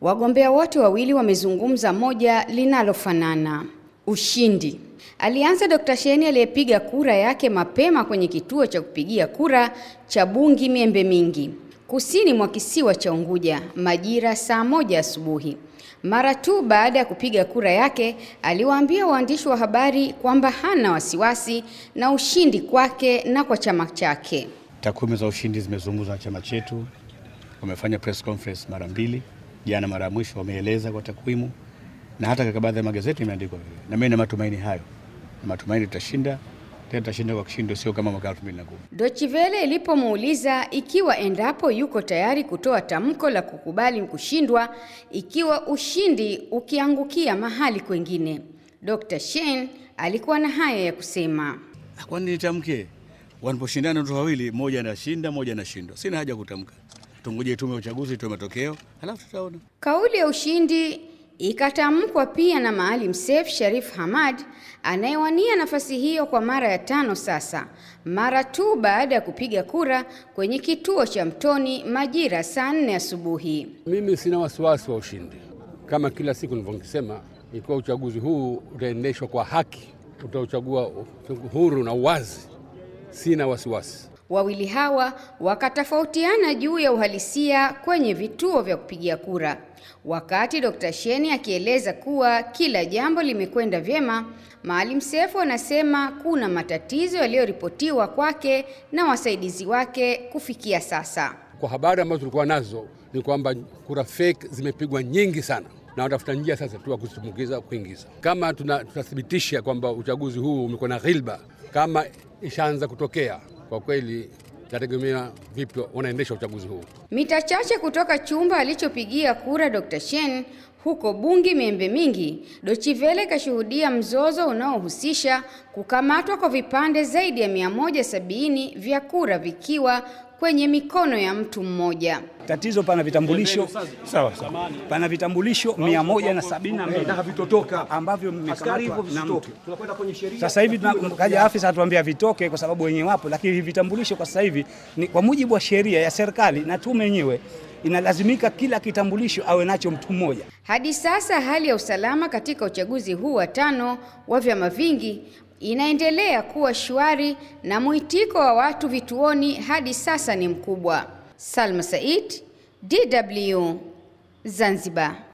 Wagombea wote wawili wamezungumza moja linalofanana: ushindi. Alianza Dr. sheni aliyepiga kura yake mapema kwenye kituo cha kupigia kura cha Bungi Miembe Mingi, kusini mwa kisiwa cha Unguja majira saa moja asubuhi. Mara tu baada ya kupiga kura yake, aliwaambia waandishi wa habari kwamba hana wasiwasi na ushindi kwake na kwa chama chake. Takwimu za ushindi zimezungumzwa na chama chetu, wamefanya press conference mara mbili jana mara ya mwisho wameeleza kwa takwimu na hata katika baadhi ya magazeti imeandikwa vile, na mimi na matumaini hayo, na matumaini tutashinda tena, tutashinda kwa kishindo, sio kama mwaka 2010. Dochivele ilipomuuliza ikiwa endapo yuko tayari kutoa tamko la kukubali kushindwa ikiwa ushindi ukiangukia mahali kwengine, Dr. Shein alikuwa na haya ya kusema. Ah, kwani nitamke wanaposhindana watu wawili, mmoja anashinda, mmoja anashindwa, sina haja kutamka tungoje tume ya uchaguzi itoe matokeo, halafu tutaona. Kauli ya ushindi ikatamkwa pia na Maalim Seif Sharif Hamad anayewania nafasi hiyo kwa mara ya tano sasa, mara tu baada ya kupiga kura kwenye kituo cha Mtoni majira saa nne asubuhi. Mimi sina wasiwasi wa ushindi, kama kila siku nilivyosema, ikiwa uchaguzi huu utaendeshwa kwa haki, utauchagua huru na uwazi, sina wasiwasi. Wawili hawa wakatofautiana juu ya uhalisia kwenye vituo vya kupigia kura. Wakati Dr. Sheni akieleza kuwa kila jambo limekwenda vyema, Maalim Seif anasema kuna matatizo yaliyoripotiwa kwake na wasaidizi wake kufikia sasa. Kwa habari ambazo tulikuwa nazo ni kwamba kura fake zimepigwa nyingi sana na watafuta njia sasa tu wakuzitumbukiza kuingiza. Kama tutathibitisha kwamba uchaguzi huu umekuwa na ghilba, kama ishaanza kutokea kwa kweli tategemea vipi wanaendesha uchaguzi huu. Mita chache kutoka chumba alichopigia kura Dr. Shen huko Bungi Miembe Mingi, Dochivele ikashuhudia mzozo unaohusisha kukamatwa kwa vipande zaidi ya 170 vya kura vikiwa kwenye mikono ya mtu mmoja. Tatizo pana vitambulisho sawa sawa, pana vitambulisho 172 na havitotoka ambavyo mmekamatwa na mtu. Tunakwenda kwenye sheria sasa hivi, kaja afisa atuambia vitoke kwa sababu wenye wapo, lakini vitambulisho kwa sasa hivi ni kwa mujibu wa sheria ya serikali na tume yenyewe inalazimika kila kitambulisho awe nacho mtu mmoja. Hadi sasa hali ya usalama katika uchaguzi huu wa tano wa vyama vingi inaendelea kuwa shwari na mwitiko wa watu vituoni hadi sasa ni mkubwa. Salma Said, DW, Zanzibar.